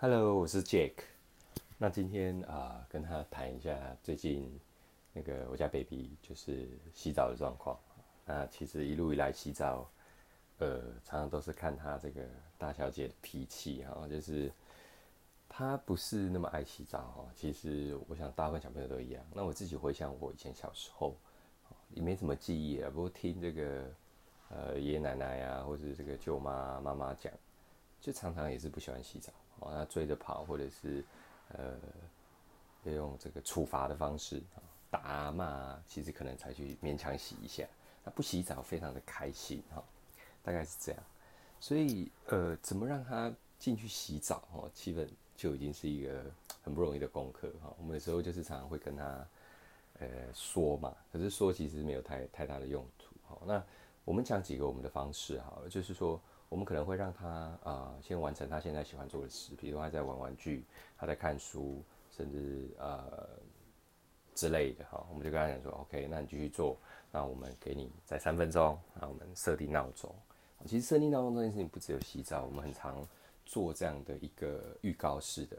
Hello，我是 Jack 那今天啊、呃，跟他談一下最近那個我家 baby 就是洗澡的狀況。那其實一路以來洗澡，呃，常常都是看他這個大小姐的脾氣哈、哦,就是他不是那麼愛洗澡哈、哦。其實我想大部分小朋友都一樣。那我自己回想我以前小時候，也沒什麼記憶啊，不過聽這個呃爺爺奶奶呀、啊，或者這個舅媽媽媽講。就常常也是不喜歡洗澡哦，他追着跑，或者是呃，要用這個處罰的方式啊，打啊罵啊，其實可能才去勉強洗一下。他不洗澡非常的開心哈、哦，大概是這樣。所以呃，怎麼讓他進去洗澡哦，基本就已經是一個很不容易的功課哈、哦。我們有時候就是常常會跟他呃說嘛，可是說其實沒有太太大的用途哈、哦。那我們講幾個我們的方式哈，就是說。我們可能會讓他啊、呃，先完成他現在喜歡做的事，比如他在玩玩具，他在看書，甚至、呃、之類的哈。我們就跟他講說，OK，那你繼續做，那我們給你再三分鐘，那我們設定鬧鐘。其實設定鬧鐘這件事情不只有洗澡，我們很常做這樣的一個預告式的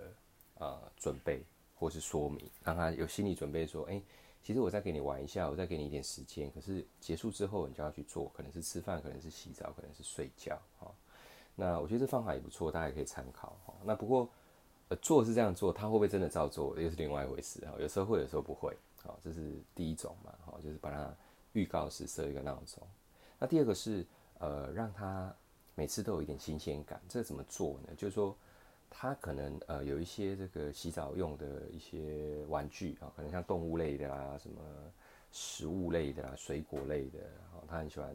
啊、呃、準備或是說明，讓他有心理準備說，哎。其實我再給你玩一下，我再給你一點時間，可是結束之後你就要去做，可能是吃飯，可能是洗澡，可能是睡覺，哈。那我覺得這方法也不錯，大家可以參考，哈。那不過、呃，做是這樣做，他會不會真的照做，又是另外一回事，哈。有時候會，有時候不會，好，這是第一種嘛，就是把它預告時設一個鬧鐘。那第二個是，呃，讓他每次都有一點新鮮感，這個怎麼做呢？就是說。他可能呃有一些這個洗澡用的一些玩具啊、哦，可能像動物類的啦、啊，什麼食物類的、啊、水果類的、哦，他很喜歡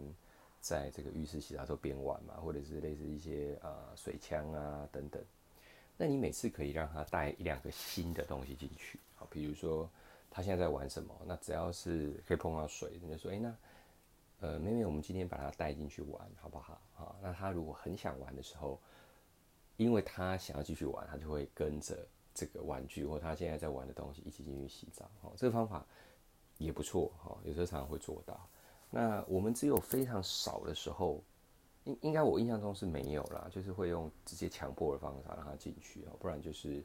在這個浴室洗澡周邊玩嘛，或者是類似一些、呃、水啊水槍啊等等。那你每次可以讓他帶一兩個新的東西進去啊、哦，比如說他現在在玩什麼，那只要是可以碰到水，你就說，哎、欸、那呃妹妹，妹妹我們今天把他帶進去玩好不好？啊、哦，那他如果很想玩的時候。因為他想要繼續玩，他就會跟着這個玩具或他現在在玩的東西一起進去洗澡。哦，這個方法也不錯。哈，哦，有時候常常會做到。那我們只有非常少的時候，應應該我印象中是沒有啦，就是會用直接強迫的方式讓他進去。哦，不然就是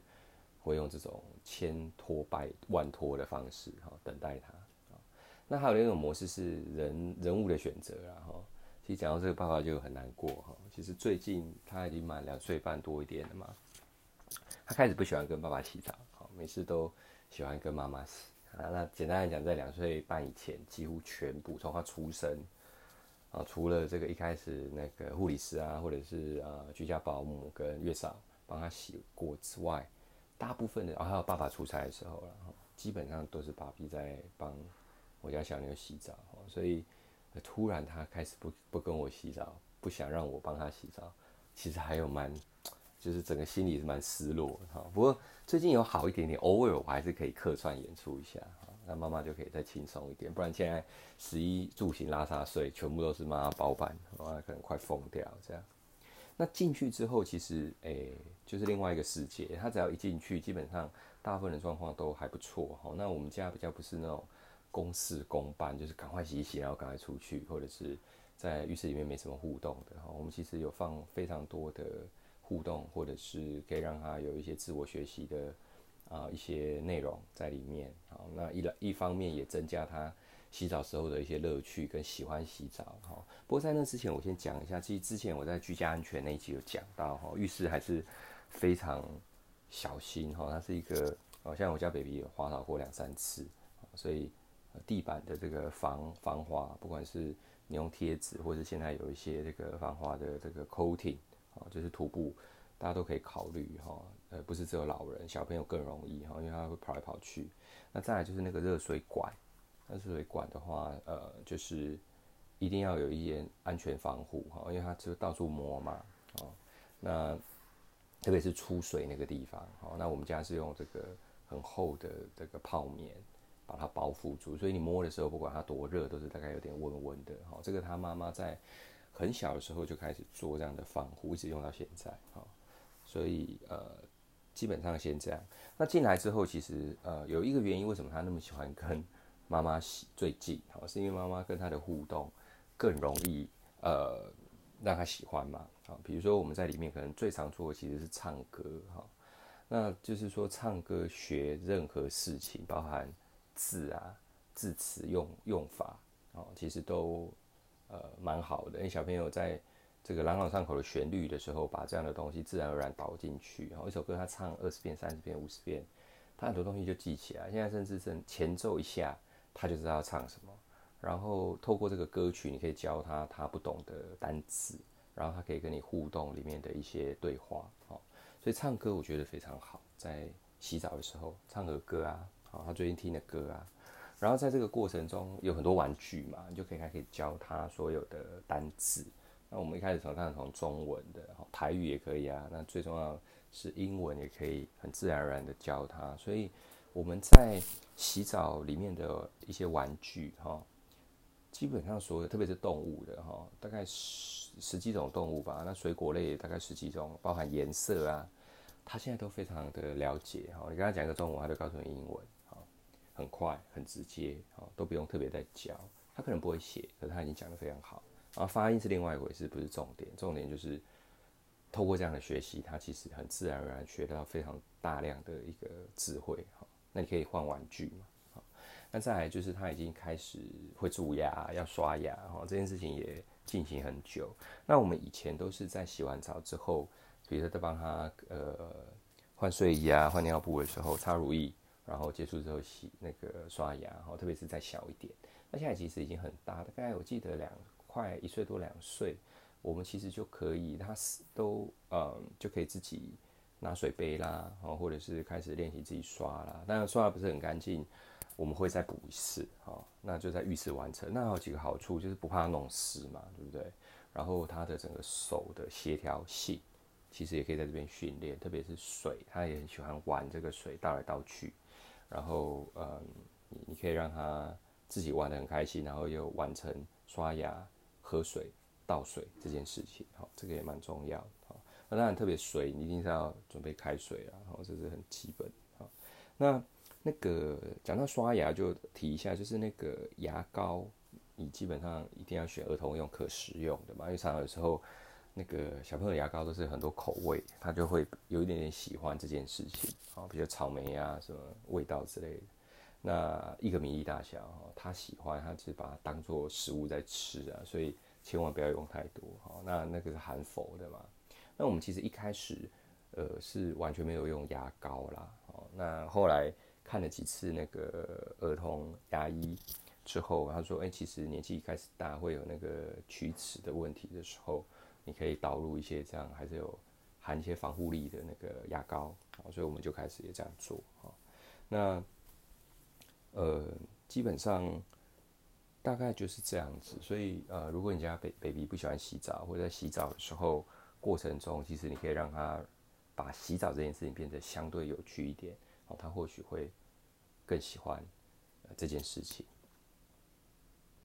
會用這種千拖百萬拖的方式。哈，哦，等待他。哦，那還有另一種模式是人人物的選擇啦，然，哦，後。一講到這個爸爸就很難過哈，其實最近他已經滿兩歲半多一點了嘛，他開始不喜歡跟爸爸洗澡，好，每次都喜歡跟媽媽洗啊。那簡單來講，在兩歲半以前，幾乎全部從他出生啊，除了這個一開始那個護理師啊，或者是啊居家保姆跟月嫂幫他洗過之外，大部分的啊、哦、還有爸爸出差的時候了，基本上都是爸比在幫我家小妞洗澡，所以。突然，他開始不不跟我洗澡，不想讓我幫他洗澡。其實還有蠻，就是整個心裡是蠻失落哈。不過最近有好一點點，偶爾我還是可以客串演出一下，那媽媽就可以再輕鬆一點。不然現在食衣住行拉撒睡全部都是媽媽包辦，媽媽可能快瘋掉這樣。那進去之後，其實誒、欸，就是另外一個世界。他只要一進去，基本上大部分的狀況都還不錯哈。那我們家比較不是那種。公事公辦，就是趕快洗一洗，然後趕快出去，或者是在浴室裡面沒什麼互動的。好，我們其實有放非常多的互動，或者是可以讓他有一些自我學習的啊、呃、一些內容在裡面。好，那一方一方面也增加他洗澡時候的一些樂趣跟喜歡洗澡。好，不過在那之前，我先講一下，其實之前我在居家安全那一集有講到，哈，浴室還是非常小心。哈，它是一個，哦，像我家 baby 有滑倒過兩三次，所以。地板的這個防防滑，不管是你用貼紙，或者是現在有一些這個防滑的這個 coating 啊、哦，就是塗布，大家都可以考慮哈、哦。呃，不是只有老人，小朋友更容易哈、哦，因為他會跑來跑去。那再來就是那個熱水管，熱水管的話，呃，就是一定要有一些安全防護哈、哦，因為它就到處摸嘛哦，那特別是出水那個地方，好、哦，那我們家是用這個很厚的這個泡棉。把它包覆住，所以你摸的時候，不管它多熱，都是大概有點溫溫的。好、哦，這個他媽媽在很小的時候就開始做這樣的防護，一直用到現在。好、哦，所以呃，基本上先這樣。那進來之後，其實呃有一個原因，為什麼他那麼喜歡跟媽媽洗最近？好、哦，是因為媽媽跟他的互動更容易呃讓他喜歡嘛？好、哦，比如說我們在裡面可能最常做的其實是唱歌，哈、哦，那就是說唱歌學任何事情，包含。字啊，字詞用用法哦，其實都呃蠻好的。欸，因為小朋友在這個朗朗上口的旋律的時候，把這樣的東西自然而然導進去。然後哦，一首歌他唱二十遍、三十遍、五十遍，他很多東西就記起來。現在甚至是前奏一下，他就知道要唱什麼。然後透過這個歌曲，你可以教他他不懂的單詞，然後他可以跟你互動裡面的一些對話哦。所以唱歌我覺得非常好，在洗澡的時候唱個歌啊。啊，他最近聽的歌啊，然後在這個過程中有很多玩具嘛，你就可以開始教他所有的單字。那我們一開始從他從中文的，台語也可以啊。那最重要是英文也可以，很自然而然的教他。所以我們在洗澡裡面的一些玩具，哈，基本上所有的，特別是動物的哈，大概十十幾種動物吧。那水果類大概十幾種，包含顏色啊，他現在都非常的了解哈。你跟他講一個中文，他就告訴你英文。很快，很直接，哈，都不用特別再教。他可能不會寫，可是他已經講得非常好。然後發音是另外一回事，不是重點。重點就是透過這樣的學習，他其實很自然而然學到非常大量的一個智慧，那你可以換玩具。那再來就是他已經開始會蛀牙，要刷牙，哈，這件事情也進行很久。那我們以前都是在洗完澡之後，比如說在幫他呃換睡衣啊、換尿布的時候擦乳液。差然後結束之後洗那個刷牙，然後特別是再小一點，那現在其實已經很大，大概我記得兩快一歲多兩歲，我們其實就可以，他是都呃、嗯、就可以自己拿水杯啦，然後或者是開始練習自己刷啦，當然刷的不是很乾淨，我們會再補一次哈，那就在浴室完成，那還有幾個好處就是不怕弄濕嘛，對不對？然後他的整個手的協調性，其實也可以在這邊訓練，特別是水，他也很喜歡玩這個水倒來倒去。然後，嗯你，你可以讓他自己玩得很開心，然後又完成刷牙、喝水、倒水這件事情，好、哦，這個也蠻重要的，好、哦，那當然特別水你一定是要準備開水啊，然後，哦，這是很基本，哦、那那個講到刷牙就提一下，就是那個牙膏，你基本上一定要選兒童用可食用的嘛。因為常常有時候。那個小朋友的牙膏都是很多口味，他就會有一點點喜歡這件事情，哦，比如草莓啊什麼味道之類的。那一個米粒大小，哦，他喜歡，他只是把它當做食物在吃啊，所以千萬不要用太多，哦，那那個是含氟的嘛？那我們其實一開始，呃，是完全沒有用牙膏啦，哦，那後來看了幾次那個兒童牙醫之後，他說，哎，欸，其實年紀一開始大會有那個齲齒的問題的時候。你可以導入一些這樣，還是有含一些防護力的那個牙膏，所以我們就開始也這樣做啊。那呃，基本上大概就是這樣子。所以呃，如果你家 baby 不喜歡洗澡，或者在洗澡的時候過程中，其實你可以讓他把洗澡這件事情變得相對有趣一點啊，他或許會更喜歡，呃，這件事情。